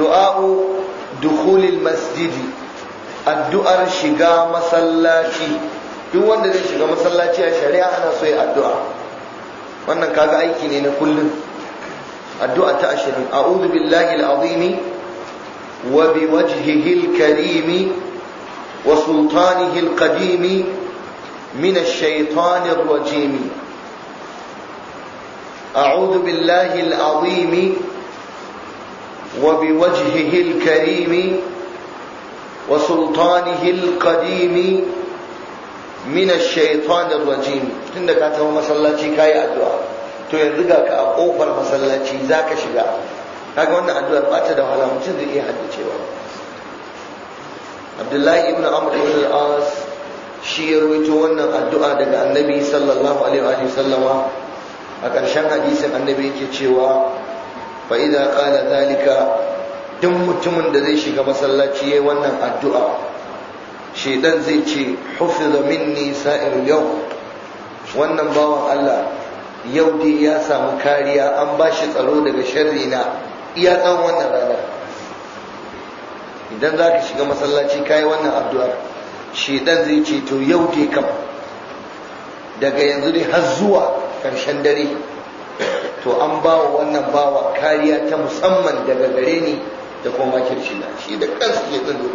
du'a'u dukhulil masjidi addu'ar shiga masallaci duk wanda zai shiga masallaci a shari'a ana so ya addu'a wannan kaga aiki ne na kullum addu'a ta ashirin a'udhu billahi al-azimi wa bi wajhihi al-karimi wa sultanihi al-qadimi min ash-shaytani ar-rajim billahi azimi وبوجهه الكريم وسلطانه القديم من الشيطان الرجيم da ka taɓa masallaci yi addu'a to yanzu ga ka a ƙofar masallaci ka shiga kaga wannan addu'ar ba ta da wahala mutum zai iya haddacewa Abdullahi ibn Amr ibn al-As shi ya rawaito wannan addu'a daga Annabi sallallahu alaihi wa sallama a ƙarshen hadisin Annabi yake cewa fa idza qala zalika duk mutumin da zai shiga masallaci yayin wannan addu'a shedan zai ce hufiza minni sa'ir yau wannan bawan Allah yau dai ya samu kariya an bashi tsaro daga sharri na iya tsawon wannan rana idan za ka shiga masallaci kayi wannan addu'a shedan zai ce to yau dai kam daga yanzu dai har zuwa ƙarshen dare to an ba wa wannan bawa kariya ta musamman daga gare ni da kuma makirci na shi da kansu ke zan da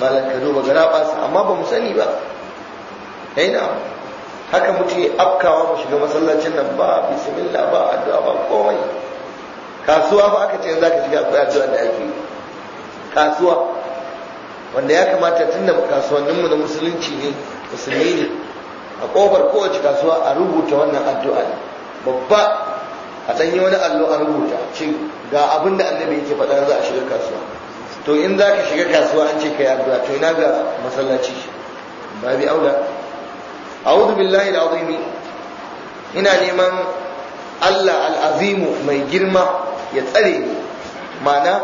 malam ka duba gara basa amma ba mu sani ba eh, na haka mutu ya afkawa mu shiga masallacin nan ba bismillah ba addu'a ba komai kasuwa ba aka ce za ka shiga akwai addu'a da ake kasuwa wanda ya kamata tun da kasuwanninmu na musulunci ne musulmi ne a kofar kowace kasuwa a rubuta wannan addu'a ne babba a ɗanyi wani allo a rubuta ce ga abin da annabi yake faɗa za a shiga kasuwa to in za ka shiga kasuwa an ce ka yi addu'a to ina ga masallaci bi aula a'udhu billahi al-azim ina neman Allah al-azimu mai girma ya tsare mana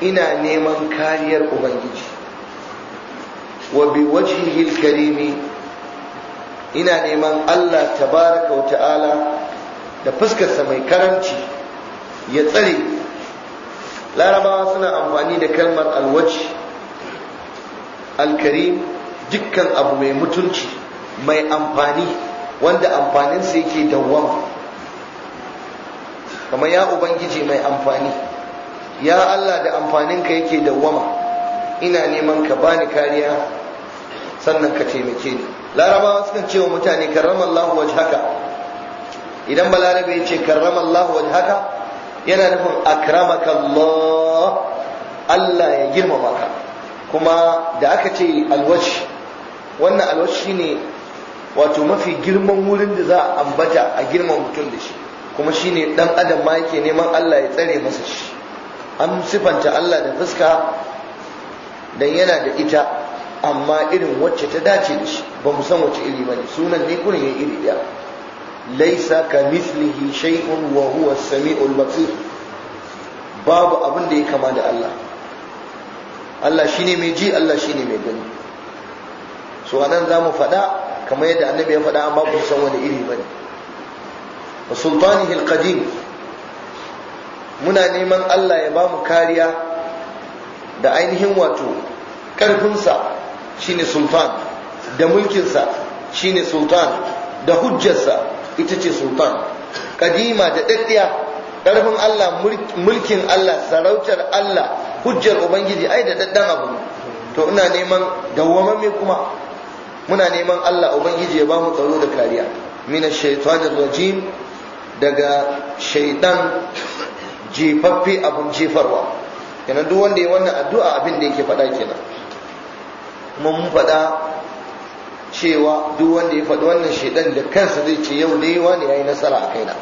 ina neman kariyar ubangiji wa bi wajhihi al-karimi ina neman Allah tabaraka wa ta'ala da fuskarsa mai karanci ya tsare larabawa suna amfani da kalmar alwaji alkarim dukkan abu mai mutunci mai amfani wanda amfaninsa yake dawwama kamar ya ubangiji mai amfani ya Allah da amfaninka yake dawwama ina neman ka bani kariya sannan ka taimake ni larabawa sukan ce wa mutane karrama waje wajhaka idan balarabe ya ce waje wajhaka yana nufin akramaka Allah Allah ya girmama ka kuma da aka ce alwash wannan alwash shine wato mafi girman wurin da za a ambata a girman mutum da shi kuma shine dan adam ma yake neman Allah ya tsare masa shi an sifanta Allah da fuska dan yana da ita amma irin wacce ta dace da shi ba mu san wacce iri bane sunan ne kurin yi iri daya laisa ka mislihi shay'un wa huwa as-sami'ul basir babu abin da ya kama da Allah Allah shine mai ji Allah shine mai gani so anan zamu faɗa kamar yadda annabi ya faɗa amma ba san wani iri bane wa sultanihi al-qadim muna neman Allah ya bamu kariya da ainihin wato karfinsa shine sultan da mulkinsa shine sultan da hujjarsa ita ce sultan kadima da daddiya ƙarfin Allah mulkin Allah sarautar Allah hujjar ubangiji ai da daddan abu to ina neman dawwamamme kuma muna neman Allah ubangiji ya ba mu tsaro da kariya mina shaitanir rajim daga shaitan jefaffe abin jefarwa kenan wanda ya wannan addu'a abin da yake faɗa kenan mun faɗa cewa duk wanda ya faɗi wannan shaidan da kansa zai ce yau ne wani ya yi nasara a kaina